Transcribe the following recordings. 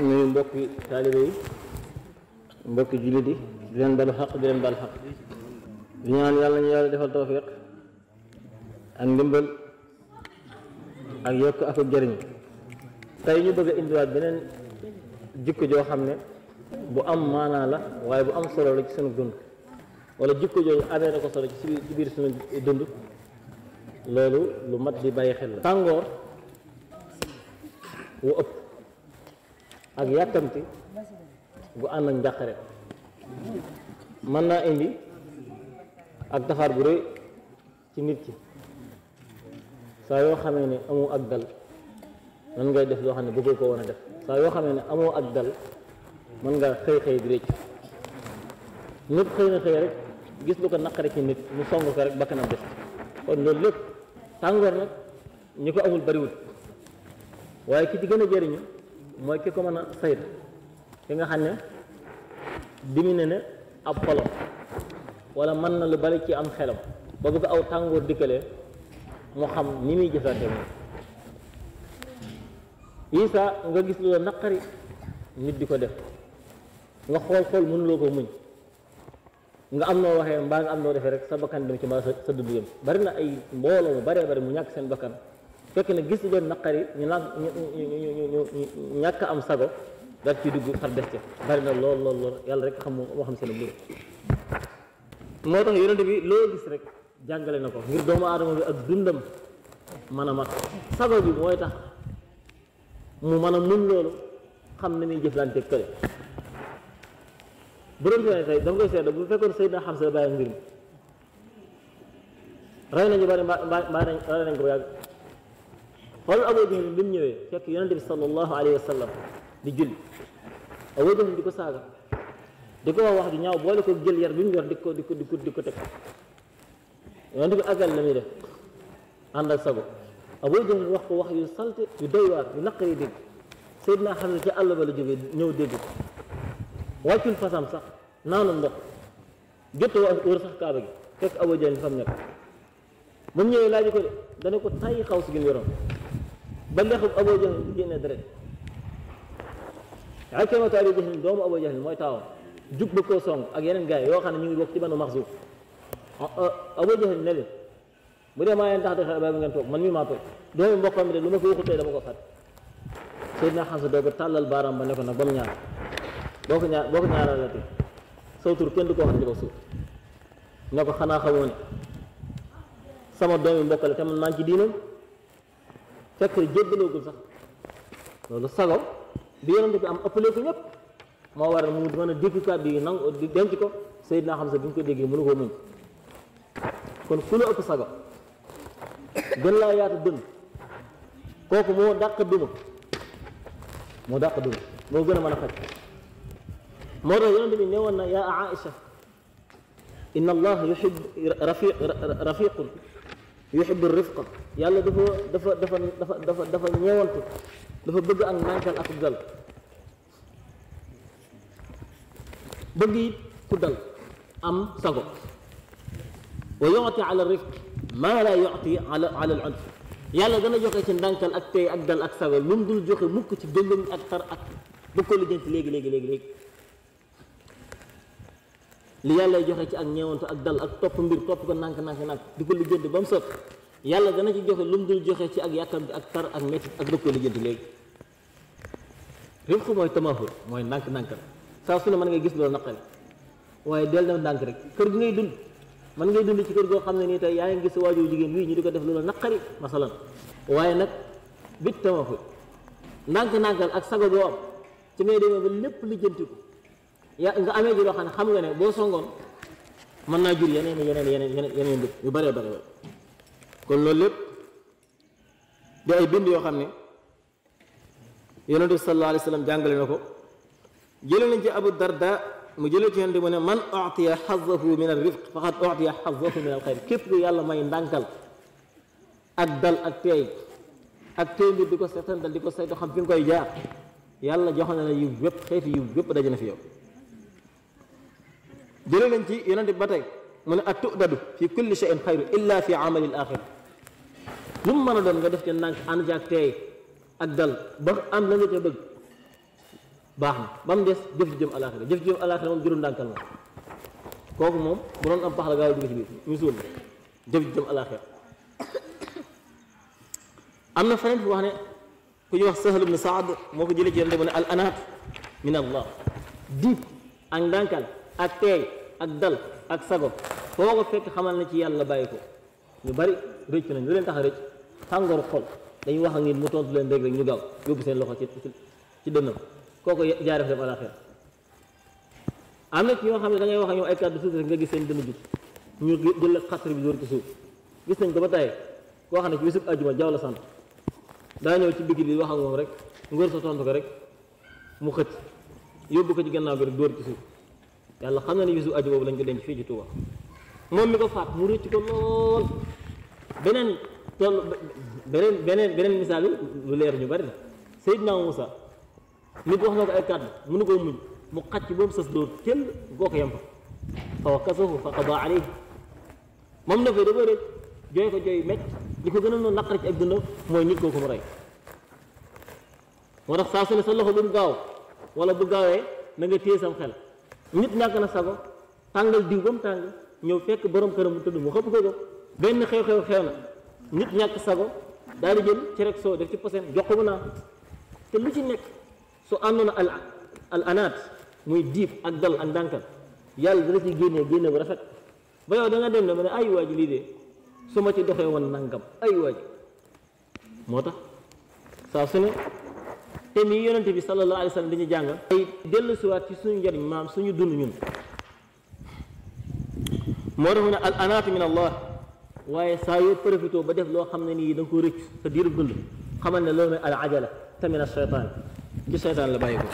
nuyu mbokki taalibe yi mbokki jullit yi di leen balu xaq di leen balu xaq di ñaan yàlla ñu yàlla defal tawfiq ak ndimbal ak yokk ak jëriñ tey ñu bëgg indiwaat beneen jikko joo xam ne bu am maanaa la waaye bu am solo la ci seen dund wala jikko jooju amee na ko solo ci biir sunu dund loolu lu mat di bàyyi xel la tàngoor wu ëpp ak yàkkamti bu ànd ak njàqare man na indi ak dafar bu re ci nit ci sa yo xamee ne amoo ak dal man ngay def lo xam bu ko wona def sa yo xamee ne ak dal man nga xey xey di rek nit xey na xey rek gis lu ko nakare ci nit mu song ko rek bakkanam def kon lool lepp tangor nak ñiko amul bari wut waye ki ci gëna jëriñu mooy ki ko mën a saytu ki nga xam ne diminué na ab xolam walla mën na lu bari ci am xelam ba bu ko aw tàngoor dikkalee mu xam ni muy jëflante moom isa nga gis lu la naqari nit di ko def nga xool xool mënuloo ko muñ nga am noo waxee mbaa nga am noo defee rek sa bakkan dem ci mbaa sa sa dudd yëm bari ay mbooloo mu baree bari mu ñàkk seen bakkan fekk na gis doon naqari ñu naan ñàkk am sago daf ci dugg far def ca bari na lool lool lool yàlla rek xam moo xam seen mbir moo tax yonente bi loo gis rek jàngale na ko ngir doomu aadama bi ak dundam mën a sago bi mooy tax mu mën a muñ loolu xam na muy jëflanteeg kële bu doon fee ne tey dama koy seet bu fekkoon Seydina Hamza bàyyi mbir mi rey nañu bari mbaa mbaa rey nañ ko ba yàgg xool Abu Jahl bi mu ñëwee fekk yonente bi sallallahu alayhi wa sallam di julli Abu Jahl di ko saaga di ko wax wax ju ñaaw boole ko jël yar bi mu yor di ko di ko di ko di ko teg yonente bi agal la muy def ànd ak sago Abu Jahl wax ko wax yu salte yu doy waar yu naqari dégg Seydina xam ne ca àll ba la jógee ñëw dégg ko wàccul fasam sax naanul ndox jot wër sax kaaba gi fekk Abu Jahl fam nekk ba mu ñëwee laaj ko de dana ko tàyyi xaw si gën yoroon ba lexub Abu Jahl bu génnee deret Akramatu Abi Jahl doomu Abu Jahl mooy taawam jug ba koo song ak yeneen gaay yoo xam ne ñu ngi bokk ci Banu man mi maa toog doomu lu ma ko waxut ba ne ko nag ñaar boo ko ñaar boo ko ñaaralati kenn du ko wax ci ko suuf ne ko xanaa xamoo ne sama doomi mbokk te man maa ci diinam fekk jéggaloogul sax loolu sago bi yonent bi am ëppalee ko ñëpp moo waral mu mën a dégg kàddu ko Seydina Hamza bi ñu ko déggee mënu koo muñ kon ku la ëpp kooku moo daq duma moo dàq duma moo gën a mën a xaj moo tax bi newoon na yaa Aïcha inna allah yuhib rafiq rafiqun يحب الرفقة يلا دفا دفا دفا دفا دفا دفا نيوانتو دفا بقى أن ما كان أفضل بقي كدل أم سقط ويعطي على الرفق ما لا يعطي على على العنف يلا دنا جوك عشان دانك الأكتي أقدر أكسر لمن دول جوك ممكن تبدلهم أكثر أكثر بكل جنس ليك ليك ليك ليك li yàllay joxe ci ak ñeewantu ak dal ak topp mbir topp ko nànk nànk nànk di ko lijjanti ba mu sot yàlla dana ci joxe lu mu dul joxe ci ak yàkkam bi ak tar ak métti ak bëgg ko lijjanti léegi rifqu mooy tamahul mooy nànk nànk saa su ne mën ngay gis loolu naqari waaye dell na ndànk rek kër gi ngay dund mën ngay dund ci kër goo xam ne nii tey yaa ngi gis waajur jigéen wii ñu di ko def loolu naqari masalan waaye nag bit tamahul nànk-nànkal ak sago boo am ci lépp lijjanti ko ya nga amee ji yoo xam ne xam nga ne boo songoon mën naa jur yeneen yeneen yeneen yeneen bët yu bëree bëri kon loolu lépp di ay bind yoo xam ne yonente bi sallallahu alayhi wa sallam jàngale na ko jële nañ ci abu darda mu jële ci di mu ne man utiya xazahu min al rifq faqad utiya xazahu min al xayr képp ku yàlla may ndànkal ak dal ak teey ak teey mbir di ko seetaan dal di ko saytu xam fi nga koy jaar yàlla jox na la yu wépp xeeti yu wépp daje na fi yow jëlee nañ ci yonent ba tey mu ne at tudadu fi kulli shay'in xayru illa fi amalil axira lu mu mën a doon nga def ci ndànk ànd ak teey ak dal ba am la nga ca bëgg baax na ba mu des jëf ji jëm alaxira jëf ji jëm alaxira moom juróom ndànkal la kooku moom bu doon am pax la gaaw dugg ci biir ñu suul la jëf ji jëm alaxira am na feneen fu wax ne ku ñuy wax Sahl ibn Saad moo ko jëlee ci yonent bi mu ne al anaat min allah diig ak ndànkal ak tey ak dal ak sago foo ko fekk xamal na ci yalla bayiko ñu bari recc nañu leen tax a rëcc xol dañ wax ak nit mu tontu leen deg rek ñu gaaw yóbbu seen loxo ci ci dënnam koko ya, jaaref def ala am amna ci yo xamne da ngay wax ñu ay kàddu suuf rek nga gis seen dënn jub ñu jël xatri bi door ci suuf gis nañ ko ba tay ko xamne ci bisub aljuma jawla sant da ñew ci bigi li wax ak mom rek ngor sa tontu ko rek mu xëcc yóbbu ko ci gannaaw gi rek door ci suuf يلا خلنا نيجي أجوا ولا نجلي نجفي جتوا ما ميكو فات موري تكو لول بنن تل بنن بنن بنن مثال ولير نجبر سيدنا موسى ميكو هناك أكاد منو كم من مقطع بوم سدود كل جو كيام فا فوكسه فقضى عليه ما من في دبر جاي فجاي مات ليكو كنا نقرك أجدنا ما ينيكو كمراي ورخ ساسن سلخ بوم قاو ولا بقاوي نجتيه سام خلا nit ñàkk na sago tàngal diw ba mu tàng ñëw fekk borom këram mu tëdd mu xëpp ko ko benn xew-xew xew na nit ñàkk sago daal di jël ci rek soo def ci posen jox ko mu naan te lu ci nekk su àndoon al al anaat muy diif ak dal ak ndànkal yàlla dina ci génnee génne bu rafet ba yow da dem ne ma ne ay waa ji lii de su ma ci doxee woon nangam ay waa moo tax saa su ne te lii yonent bi sallallahu alayhi wa dañuy jàngal dellusiwaat ci suñu njariñ maam suñu dund ñun moo tax mu ne al anaatu min allah waaye saa yoo profité ba def loo xam ne nii da nga ko rëcc sa diirub dund xamal ne loo mooy al ajala te min asheytaan ci seytaan la bàyyi ko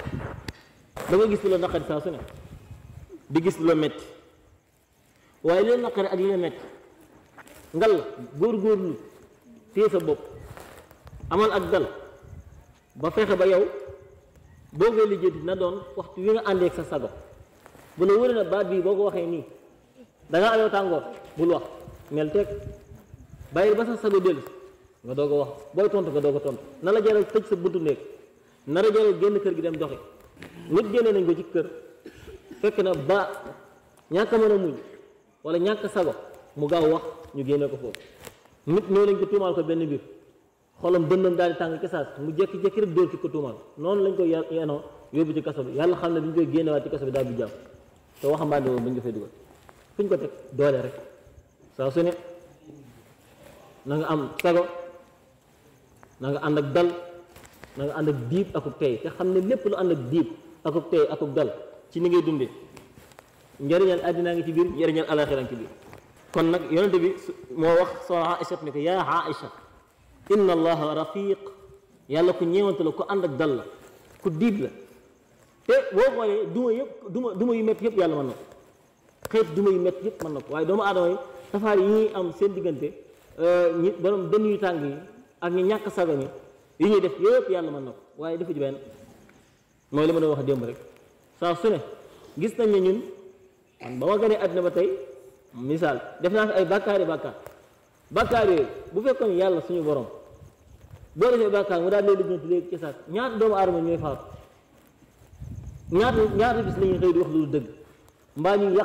da nga gis loo naqari saa su ne di gis loo metti waaye li ak li la metti góor-góorlu sa bopp amal ak dal ba fexé ba yow boo koy lijjanti na doon waxtu wi nga àndeeg sa sago bu la wëree na baat bii boo ko waxee da nga ayoo tàngoor bul wax mel teg bàyyil ba sa sago del nga dogo wax boy tontu nga dogo tontu na la jaral tej sa buntu néeg na la jaral génn kër gi dem doxé nit génne nañ ko ci kër fekk na ba ñaka a mën muñ wala ñàkk sago mu gaaw wax ñu génne ko foofu nit ñoo lañ ko tumal ko benn mbir xolam dëndam daal di tàng kasaas mu jekki jekki rek dóor ci ko tuumal noonu lañ ko yenoo ya, yóbbu ci kaso bi yàlla xam ne bi ñu koy génnewaat ci kaso bi daal bu jàpp te waxambaane boobu bañ ko fay dugal fuñ ko teg doole rek saa su ne na nga am sago na nga ànd ak dal na nga ànd ak diib akub tey te xam ne lépp lu ànd ak diib akub tey akub dal ci ni ngay dundee njariñal àddina ngi ci biir njariñal alaxira ngi ci biir kon nag yonente bi moo wax soxna Aïcha ne ko yaa Aïcha inna allaha rafiq yàlla ku ñeewante la ku ànd ak dal la ku diib la te boo xoolee duma yëpp duma duma yu métti yëpp yàlla mën na ko xeet duma yu métti yëpp mën na ko waaye doomu aadama yi tafaar am seen diggante euh, ñi borom dënn yu tàng yi ak ñi ñàkk ñuy def yëpp yàlla na ko waaye defu mooy li ma wax démb rek saa su ne gis nañ ne ñun man ba ma gënee àddina ba tey misaal def naa fi ay bàkkaari bàkkaar bàkkaar yooyu bu fekkoon yàlla suñu boroom boo defee bàkkaar mu daal di lijjanti léegi ci saat ñaata doomu aadama ñooy faatu ñaata ñaata bis la ñuy xëy di wax lu dëgg mbaa ñuy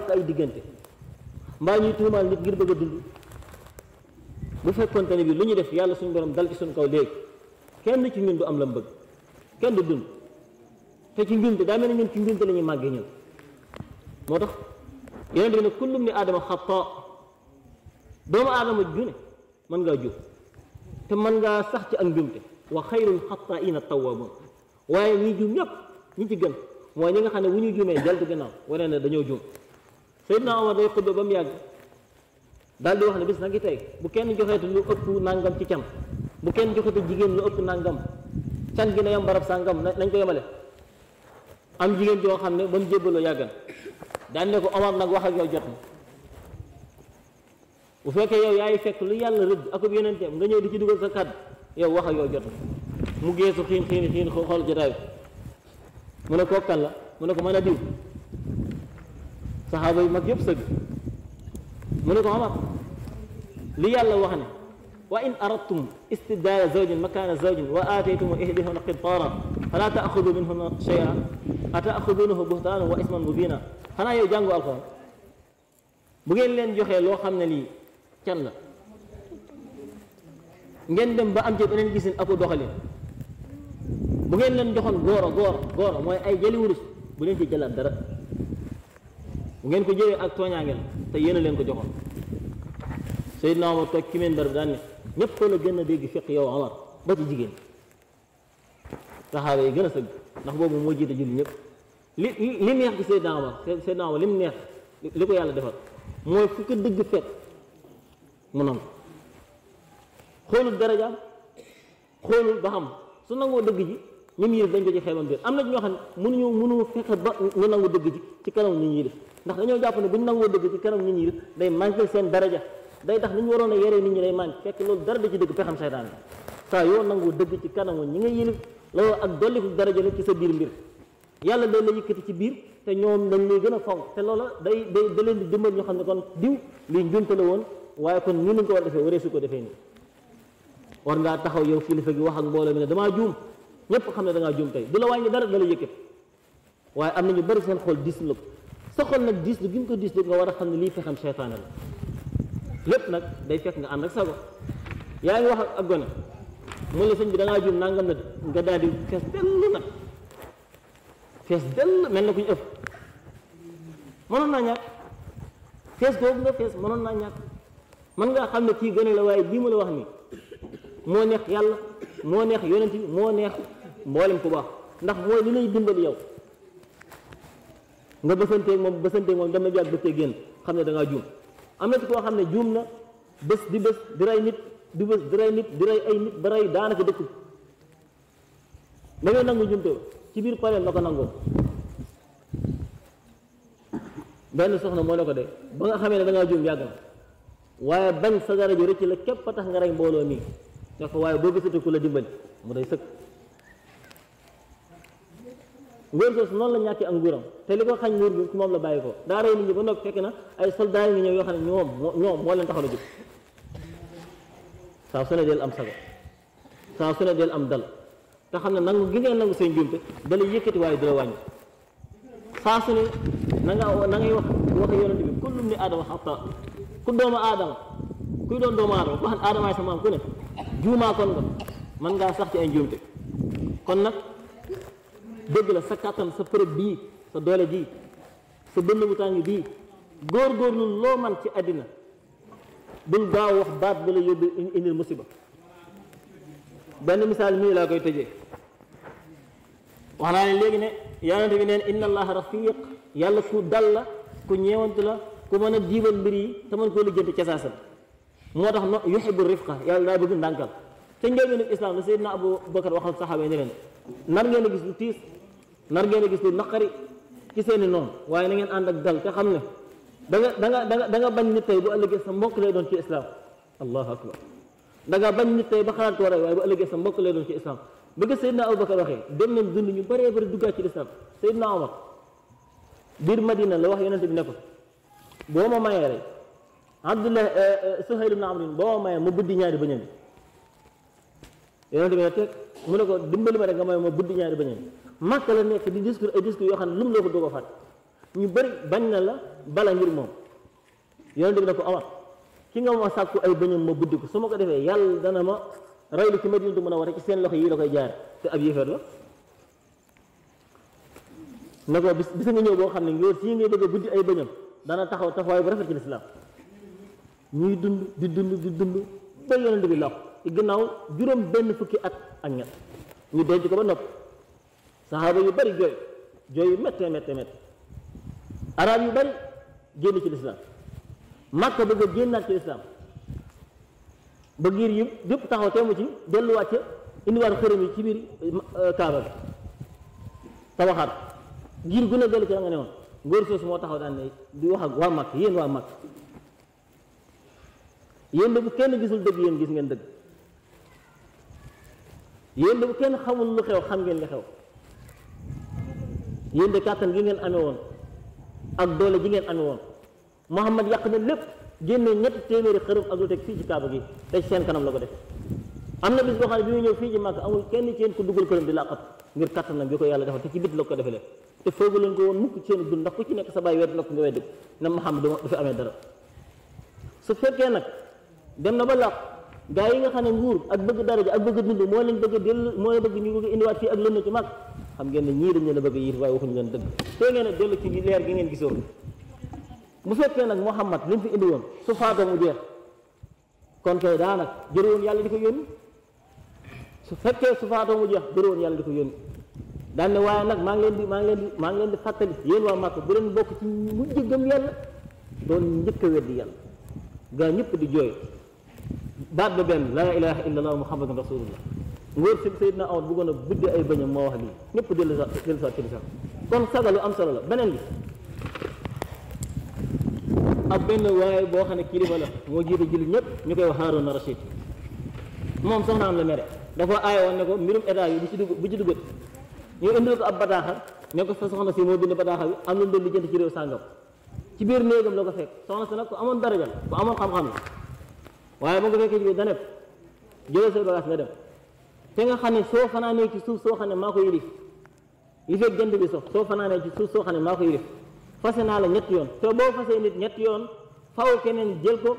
dund ne bi lu ñu def yàlla suñu borom dal ci suñu kaw kenn ci ñun du am la mu kenn du dund te ci njumte daa mel ne ñun ci njumte la màggee ñun moo tax yeneen bi ne kullum ni aadama xata doomu aadama june mën ngaa jub te mën ngaa sax ci ak njumte wa xayrul xattaa'ina tawwaabuun waaye ñi jum ñëpp ñi ci gën mooy ñi nga xam ne bu ñu jumee jaltu gannaaw wane ne dañoo jum Seydina Omar ba mu yàgg daal di wax ne bis na ngi tey bu kenn joxeete lu ëpp nangam ci can bu kenn joxeete jigéen lu ëpp nangam can gi na yam barab sàngam nañ ko yemale am jigéen joo xam ne ba mu jébbaloo yàggan daan ne ko Omar nag wax ak yow jot na bu fekkee yow yaay fekk lu yàlla rëdd akub yonenteem nga ñëw di ci dugal sa kàddu yow wax ak yow jot mu geesu xiin xiin xiin xool jotaay bi mu ne kooku kan la mu ne ko mën a diw saxaaba yi mag yëpp sëgg mu ne ko Omar li yàlla wax ne wa in aradtum istibdaala zawjin makaana zawjin wa aataytum ihdahunna qintaaran falaa taaxudu minhunna shay'an ataaxudunahu buhtaanan wa isman mubiina xanaa yow jàngu alxuraan bu ngeen leen joxee loo xam ne lii can la ngeen dem ba am ci beneen gisin ako doxalin bu ngeen leen joxoon góor a góor góor mooy ay jëli wurus bu leen ci jëlaat dara bu ngeen ko jëlee ak tooñaangeel te yéen a leen ko joxoon Seydina Omar toog ci minbar bi daan ne ñëpp la gën a dégg fiq yow Omar ba ci jigéen saxaaba yi gën a sëgg ndax boobu moo jiite julli ñëpp li li neex ci Seydina Omar Seydina Omar li mu neex li ko yàlla defal mooy fu ko fekk mu nangu xoolul darajaam xoolul ba xam su nangoo dëgg ji ñu mu yëf dañ ko ci xeebam biir am na ñoo xam ne mënuñu mënu fexe ba ñu nangu dëgg ji ci kanam nit ñi ndax dañoo jàpp ne bu ñu nangoo dëgg ci kanam nit ñi def day manqué seen daraja day tax ni ñu waroon a yore nit ñi day manqué fekk loolu dara da ci dëgg pexam seytaan la saa yoo nangoo dëgg ci kanamu ñi nga yëlif loolu ak dolliku daraja ci sa biir mbir yàlla day la yëkkati ci biir te ñoom dañ lay gën a fonk te loola day day da leen di dimbal ñoo xam ne kon diw liy njumte la woon waaye kon nii lañ ko war a defee waree su ko defee nii war ngaa taxaw yow fii kilifa gi wax ak mbooloo mi ne damaa juum ñëpp xam ne da ngaa juum tey du la wàññi dara da la waaye am na ñu bari seen xol diis la ko sa xol nag diis lu gi ko diis lu nga war a xam ne lii fexam seytaane la lépp nag day fekk nga ànd ak sago yaa ngi wax ak gone mu ne sëñ bi da ngaa juum nangam na nga daal di fees dell nag fees dell mel na ku ñu ëpp mënoon naa ñàkk fees mënoon naa ñàkk man ngaa xam ne kii gën a la waaye lii ma la wax nii moo neex yàlla moo neex yonent bi moo neex mboolem ku baax ndax mooy li lay dimbali yow nga bësanteeg moom bësanteeg moom dama jàpp te génn xam ne da ngaa juum am na ci koo xam ne juum na bés di bés di rey nit di bés di rey nit di rey ay nit ba rey daanaka dëkk da nangu jumte ci biir pareel la ko nangoo benn soxna moo la ko de ba nga xamee ne dangaa ngaa juum yàgg na waaye bañ sa daraja rëcc la képp a tax nga rey mbooloo mii nga ko waaye boo gisatu ku la dimbali mu day sëkk ngóor soosu noonu la ñàkkee ak nguuram te li ko xañ nguur bi ci moom la bàyyi ko daa rey nit ñi ba noppi fekk na ay soldats yi ñëw yoo xam ne ñoom moo leen taxaw a jóg saa su ne del am sago saa su ne del am dal te xam ne nangu gi ngay nangu seen jumte dala yëkkati waaye du la wàññi saa su ne na nga na ngay wax wax yonent bi kullum ku doomu aadama kuy doon doomu aadama ku xam aadamaay sa maam ku ne juumaa kon nga mën ngaa sax ci ay njuumte kon nag dëgg la sa kàttan sa përëb bii sa doole bii sa dënn bu tàng bii góorgóorlu loo man ci àddina bul gaaw wax baat ba la yóbbu indil musiba benn misaal mii laa koy tëjee wax naa ne léegi ne yonente bi neen inna allaha rafiq yàlla ku dal la ku ñeewantu la ku mën a jiibal mbir yi te mën koo lijjanti ca saasam moo tax no yuxibu rifqa yàlla daa bëgg ndànkal ca njëlbéenu islam la Seydina Abu Bakar waxal saxaaba yi ne leen nar ngeen gis lu tiis nar ngeen a gis lu naqari ci seeni noonu waaye na ngeen ànd ak dal te xam ne da nga da nga da da nga bañ nit tey bu ëllëgee sa mbokk lay doon ci islam allahu akbar da nga bañ nit tey ba xalaat ko war waaye bu ëllëgee sa mbokk lay doon ci islam bëgg Seydina Abu Bakar waxee dem nañ dund ñu bëree bëri duggaat ci lislam Seydina Omar biir Madina la wax yonente bi ne ko boo ma mayee rek abdullah eh, eh, suhayl ibn amrin boo ma mayee ma buddi ñaari bëñam bi yonente bi teg mu ne ko dimbali ma rek nga may ma buddi ñaari bëñam ma màkk la nekk di discours ay discours yoo xam ne lu mu ko doog a fàtt ñu bëri bañ la bala ngir moom yonente bi ne ko sàkku ay bëñam ma buddi su ma ko defee yàlla dana ma raylu ci madinatu mën a war seen loxo yi la koy jaar te ab yéefar la ne ko bis bisa nga ñëw boo xam ne ngóor sii ngay bëgg buddi ay bëñam dana taxaw taxawaay bu rafet ci lislaam ñuy dund di dund di dund ba yonent bi làqu ci gannaaw juróom benn fukki at ak ñett ñu denc ko ba nopp saxaaba yu bari jooy jooy yu méttee méttee méttee arab yu bari génn ci lislaam màkka bëgg a génnaat ci lislaam ba giir yëpp taxaw teemu ci delluwaat ca indiwaat xërëm yi ci biir euh, kaaba bi tabaxaat giir gu ne ci la nga ne góor soosu moo taxaw daan ne di wax ak waa mag yéen waa mag yéen de bu kenn gisul dëgg yéen gis ngeen dëgg yéen de bu kenn xamul lu xew xam ngeen li xew yéen de kàttan gi ngeen amee woon ak doole ji ngeen amee woon Muhammad yàq na lépp génne ñetti téeméeri xërëm ak lu teg fii ci kaaba gi te seen kanam la ko def am na bis boo xam ne bi muy ñëw fii ci Màkka amul kenn ci yéen ku dugal këram di làqatu ngir kattanam bi ko yàlla defal te ci bit la ko defele te foogu leen ko woon mukk ci seen dund ndax ku ci nekk sa bàyyi weddi na ko nga weddi na Muhammad na ba làq gaa yi nga xam ne nguur ak bëgg daraja ak bëgg dund moo leen bëgg dellu mooy bëgg ñu bëgg indiwaat fii ak lënna ci mag xam ngeen ne ñii dañ leen a bëgg yiit waaye waxuñu leen dëgg tey ngeen a dellu ci leer gi ngeen gisoon bu fekkee nag Muhammad li mu fi indi woon su faatoo mu jeex kon kay daa nag jëre yàlla di ko yónni su fekkee su faatoo mu jeex bëri woon yàlla di ko yónni daan ne waaye nag maa ngi leen di maa ngi leen di maa ngi leen di fàttali yéen waa Màkka bu leen bokk ci mujj gëm yàlla doon njëkk a weddi yàlla gaa ñëpp di jooy baat ba benn laa ilaha illa allah muhammadun rasulullah ngóor si sayidna awat bëggoon a budde ay bëñam moo wax lii ñëpp dellu sa dellu sa ci li sax kon sagalu am solo la beneen bi ab benn waaye boo xam ne kilifa la moo jiite jullit ñëpp ñu koy wax Haaruna Rashid moom soxnaam la mere da koo aaye woon ne ko mbirum état yi bu ci dugg bu ci duggat ñu indil ko ab bataaxal ne ko sa soxna si moo bind bataaxal bi am lu doon lijjanti ci réew sàngam ci biir néegam la ko fekk soxna si nag ku amoon daraja la ku amoon xam-xam la waaye ba nga fekkee ci biir danep te nga xam ne soo fanaanee ci suuf soo xam ne maa ko yilif li fekk jant bi sox soo fanaanee ci suuf soo xam ne maa ko yilif fase naa la ñetti yoon te boo fasee nit ñetti yoon faw keneen jël koo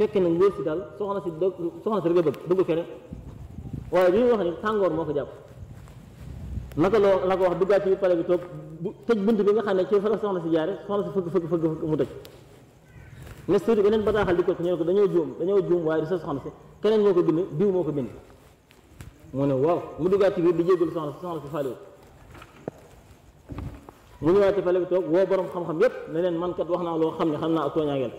fekk na ngóor si daal soxna si dëgg soxna si rek bëgg bëggu feneen waaye li ñuy wax ni tàngoor moo ko jàpp naka loo la ko wax duggaat ci pale bi toog bu tëj bunt bi nga xam ne ci fa la soxna si jaare soxna si fëgg fëgg fëgg mu tëj ne suuti beneen bataaxal di ko ñu ne ko dañoo juum dañoo juum waaye du sa soxna si keneen moo ko bind diw moo ko bind mu ne waaw mu duggaat ci biir di jéggul soxna si soxna si faalewu mu ñëwaat ci pale bi toog woo borom xam-xam yépp ne leen man kat wax naa loo xam ne xam naa ak tooñaa ngeen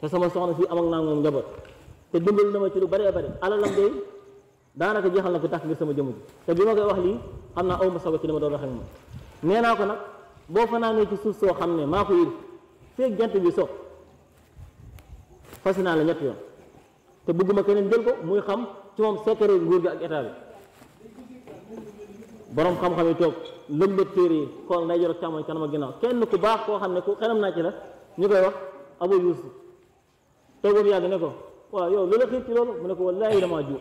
te sama soxna si am ak naa moom njaboot te dimbali na ma ci lu bëree bëri alalam day daanaka jeexal na ko tax ngir sama jëmm ji te bi ma koy wax lii xam naa aw ma sogo ci li ma doon wax ak nag boo fanaanee ci suuf soo xam ne maa ko yëg bi so fas naa la ñett yoon te bëgguma keneen jël ko muy xam ci moom secret nguur gi ak état bi borom xam-xam yi toog lëmbët téere yi xool nday jor ak càmmoñ kanam ak ginnaaw kenn ku baax koo xam ne ku xelam naa ci la ñu koy wax Abu Yusuf toog ba mu yàgg ne ko waaw yow lu la xiir ci loolu mu ne ko wallaahi damaa juum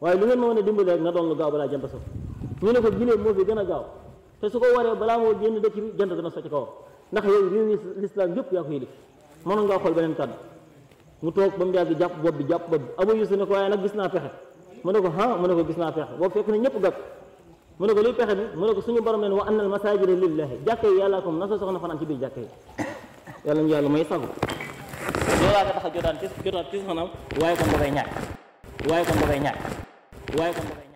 waaye a dimbali rek na doon lu gaaw balaa jant so ñu ne ko giléem moo fi gën a gaaw te ko waree balaa moo génn dëkk bi jant dana so ci kawam ndax yow mu toog ba mu yàgg jàpp bopp bi jàpp bopp bi abu ne ko waaye nag gis naa pexe mu ne ko ah mu ne ko gis naa pexe boobu fekk na ñëpp gàkk mu ne ko luy pexe bi mu ne ko suñu borom leen wa annal masajida lillahi jàkka yi yàllaa ko nasa soxna fanaan ci biir jàkka yi yàlla ñu yàlla may sagu loolaa ko tax a jotaan tis jotaan tis maanaam waaye kon dafay ñàkk waaye kon dafay ñàkk